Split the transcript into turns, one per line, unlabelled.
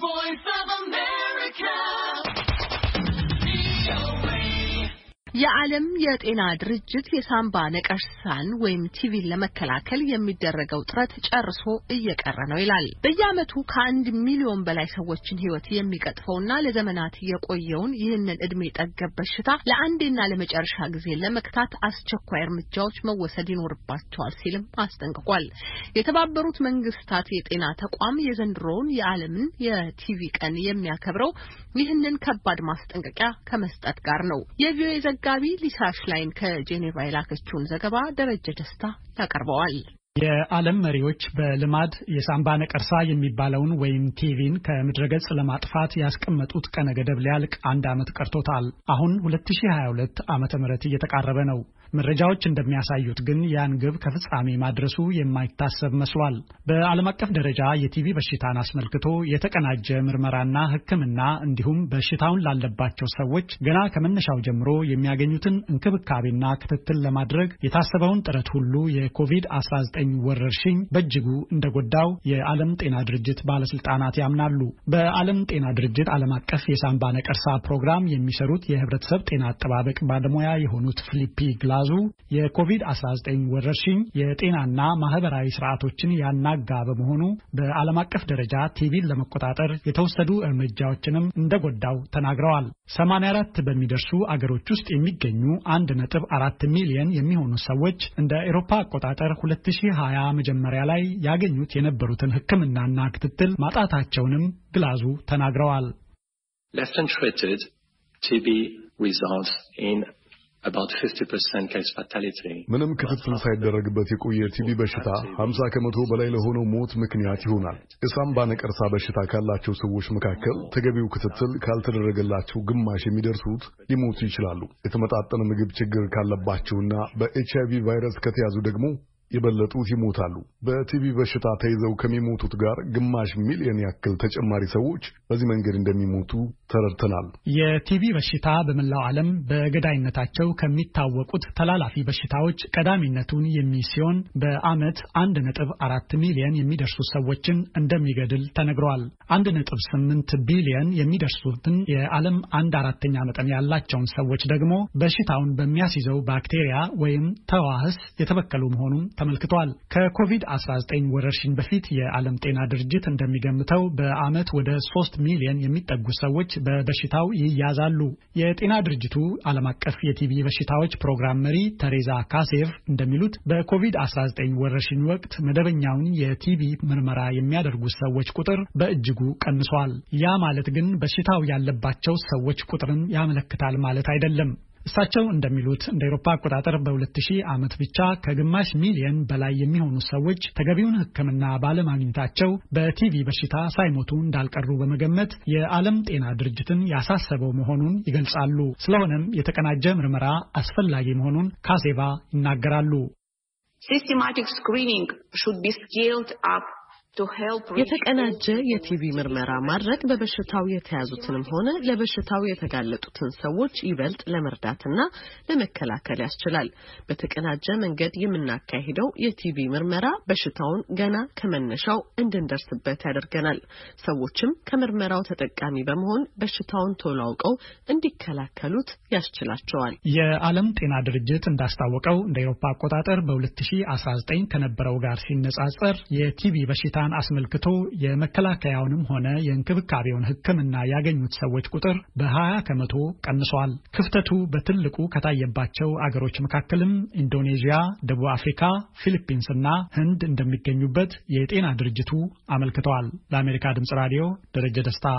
voice of America. የዓለም የጤና ድርጅት የሳምባ ነቀርሳን ወይም ቲቪን ለመከላከል የሚደረገው ጥረት ጨርሶ እየቀረ ነው ይላል። በየዓመቱ ከአንድ ሚሊዮን በላይ ሰዎችን ሕይወት የሚቀጥፈውና ለዘመናት የቆየውን ይህንን ዕድሜ ጠገብ በሽታ ለአንዴና ለመጨረሻ ጊዜ ለመክታት አስቸኳይ እርምጃዎች መወሰድ ይኖርባቸዋል ሲልም አስጠንቅቋል። የተባበሩት መንግስታት የጤና ተቋም የዘንድሮውን የዓለምን የቲቪ ቀን የሚያከብረው ይህንን ከባድ ማስጠንቀቂያ ከመስጠት ጋር ነው። የቪኦኤ ዘጋቢ ሊሳ ሽላይን ከጄኔቫ የላከችውን ዘገባ ደረጀ ደስታ
ያቀርበዋል። የዓለም መሪዎች በልማድ የሳምባ ነቀርሳ የሚባለውን ወይም ቲቪን ከምድረገጽ ለማጥፋት ያስቀመጡት ቀነ ገደብ ሊያልቅ አንድ ዓመት ቀርቶታል። አሁን 2022 ዓ ም እየተቃረበ ነው። መረጃዎች እንደሚያሳዩት ግን ያን ግብ ከፍጻሜ ማድረሱ የማይታሰብ መስሏል። በዓለም አቀፍ ደረጃ የቲቪ በሽታን አስመልክቶ የተቀናጀ ምርመራና ሕክምና እንዲሁም በሽታውን ላለባቸው ሰዎች ገና ከመነሻው ጀምሮ የሚያገኙትን እንክብካቤና ክትትል ለማድረግ የታሰበውን ጥረት ሁሉ የኮቪድ-19 ወረርሽኝ በእጅጉ እንደጎዳው የዓለም ጤና ድርጅት ባለስልጣናት ያምናሉ። በዓለም ጤና ድርጅት ዓለም አቀፍ የሳምባ ነቀርሳ ፕሮግራም የሚሰሩት የህብረተሰብ ጤና አጠባበቅ ባለሙያ የሆኑት ፊሊፒ ግላ አያያዙ የኮቪድ-19 ወረርሽኝ የጤናና ማህበራዊ ስርዓቶችን ያናጋ በመሆኑ በዓለም አቀፍ ደረጃ ቲቪን ለመቆጣጠር የተወሰዱ እርምጃዎችንም እንደጎዳው ተናግረዋል። 84 በሚደርሱ አገሮች ውስጥ የሚገኙ 1.4 ሚሊዮን የሚሆኑ ሰዎች እንደ ኤሮፓ አቆጣጠር 2020 መጀመሪያ ላይ ያገኙት የነበሩትን ሕክምናና ክትትል ማጣታቸውንም ግላዙ ተናግረዋል። Left untreated, TB results in ምንም ክትትል ሳይደረግበት የቆየ
ቲቪ በሽታ 50 ከመቶ በላይ ለሆነው ሞት ምክንያት ይሆናል። የሳምባ ነቀርሳ በሽታ ካላቸው ሰዎች መካከል ተገቢው ክትትል ካልተደረገላቸው ግማሽ የሚደርሱት ሊሞቱ ይችላሉ። የተመጣጠነ ምግብ ችግር ካለባቸውና በኤችአይቪ ቫይረስ ከተያዙ ደግሞ የበለጡት ይሞታሉ። በቲቪ በሽታ ተይዘው ከሚሞቱት ጋር ግማሽ ሚሊዮን ያክል ተጨማሪ ሰዎች በዚህ መንገድ እንደሚሞቱ ተረድተናል።
የቲቪ በሽታ በመላው ዓለም በገዳይነታቸው ከሚታወቁት ተላላፊ በሽታዎች ቀዳሚነቱን የሚይዝ ሲሆን በዓመት አንድ ነጥብ አራት ሚሊዮን የሚደርሱ ሰዎችን እንደሚገድል ተነግሯል። አንድ ነጥብ ስምንት ቢሊዮን የሚደርሱትን የዓለም አንድ አራተኛ መጠን ያላቸውን ሰዎች ደግሞ በሽታውን በሚያስይዘው ባክቴሪያ ወይም ተዋህስ የተበከሉ መሆኑን ተመልክቷል። ከኮቪድ-19 ወረርሽኝ በፊት የዓለም ጤና ድርጅት እንደሚገምተው በዓመት ወደ ሶስት ሚሊዮን የሚጠጉ ሰዎች በበሽታው ይያዛሉ። የጤና ድርጅቱ ዓለም አቀፍ የቲቪ በሽታዎች ፕሮግራም መሪ ተሬዛ ካሴቭ እንደሚሉት በኮቪድ-19 ወረርሽኝ ወቅት መደበኛውን የቲቪ ምርመራ የሚያደርጉ ሰዎች ቁጥር በእጅጉ ቀንሷል። ያ ማለት ግን በሽታው ያለባቸው ሰዎች ቁጥርን ያመለክታል ማለት አይደለም። እሳቸው እንደሚሉት እንደ ኤሮፓ አቆጣጠር በ2000 ዓመት ብቻ ከግማሽ ሚሊየን በላይ የሚሆኑ ሰዎች ተገቢውን ሕክምና ባለማግኘታቸው በቲቪ በሽታ ሳይሞቱ እንዳልቀሩ በመገመት የዓለም ጤና ድርጅትን ያሳሰበው መሆኑን ይገልጻሉ። ስለሆነም የተቀናጀ ምርመራ አስፈላጊ መሆኑን ካሴባ ይናገራሉ።
ሲስቴማቲክ ስክሪኒንግ
የተቀናጀ የቲቪ ምርመራ
ማድረግ በበሽታው የተያዙትንም ሆነ ለበሽታው የተጋለጡትን ሰዎች ይበልጥ ለመርዳትና ለመከላከል ያስችላል። በተቀናጀ መንገድ የምናካሂደው የቲቪ ምርመራ በሽታውን ገና ከመነሻው እንድንደርስበት ያደርገናል። ሰዎችም ከምርመራው ተጠቃሚ በመሆን በሽታውን ቶሎ አውቀው እንዲከላከሉት ያስችላቸዋል።
የዓለም ጤና ድርጅት እንዳስታወቀው እንደ ኤሮፓ አቆጣጠር በ2019 ከነበረው ጋር ሲነጻጸር የቲቪ በሽታ ምርመራን አስመልክቶ የመከላከያውንም ሆነ የእንክብካቤውን ሕክምና ያገኙት ሰዎች ቁጥር በ20 ከመቶ ቀንሷል። ክፍተቱ በትልቁ ከታየባቸው አገሮች መካከልም ኢንዶኔዥያ፣ ደቡብ አፍሪካ፣ ፊሊፒንስ እና ህንድ እንደሚገኙበት የጤና ድርጅቱ አመልክተዋል። ለአሜሪካ ድምጽ ራዲዮ ደረጀ ደስታ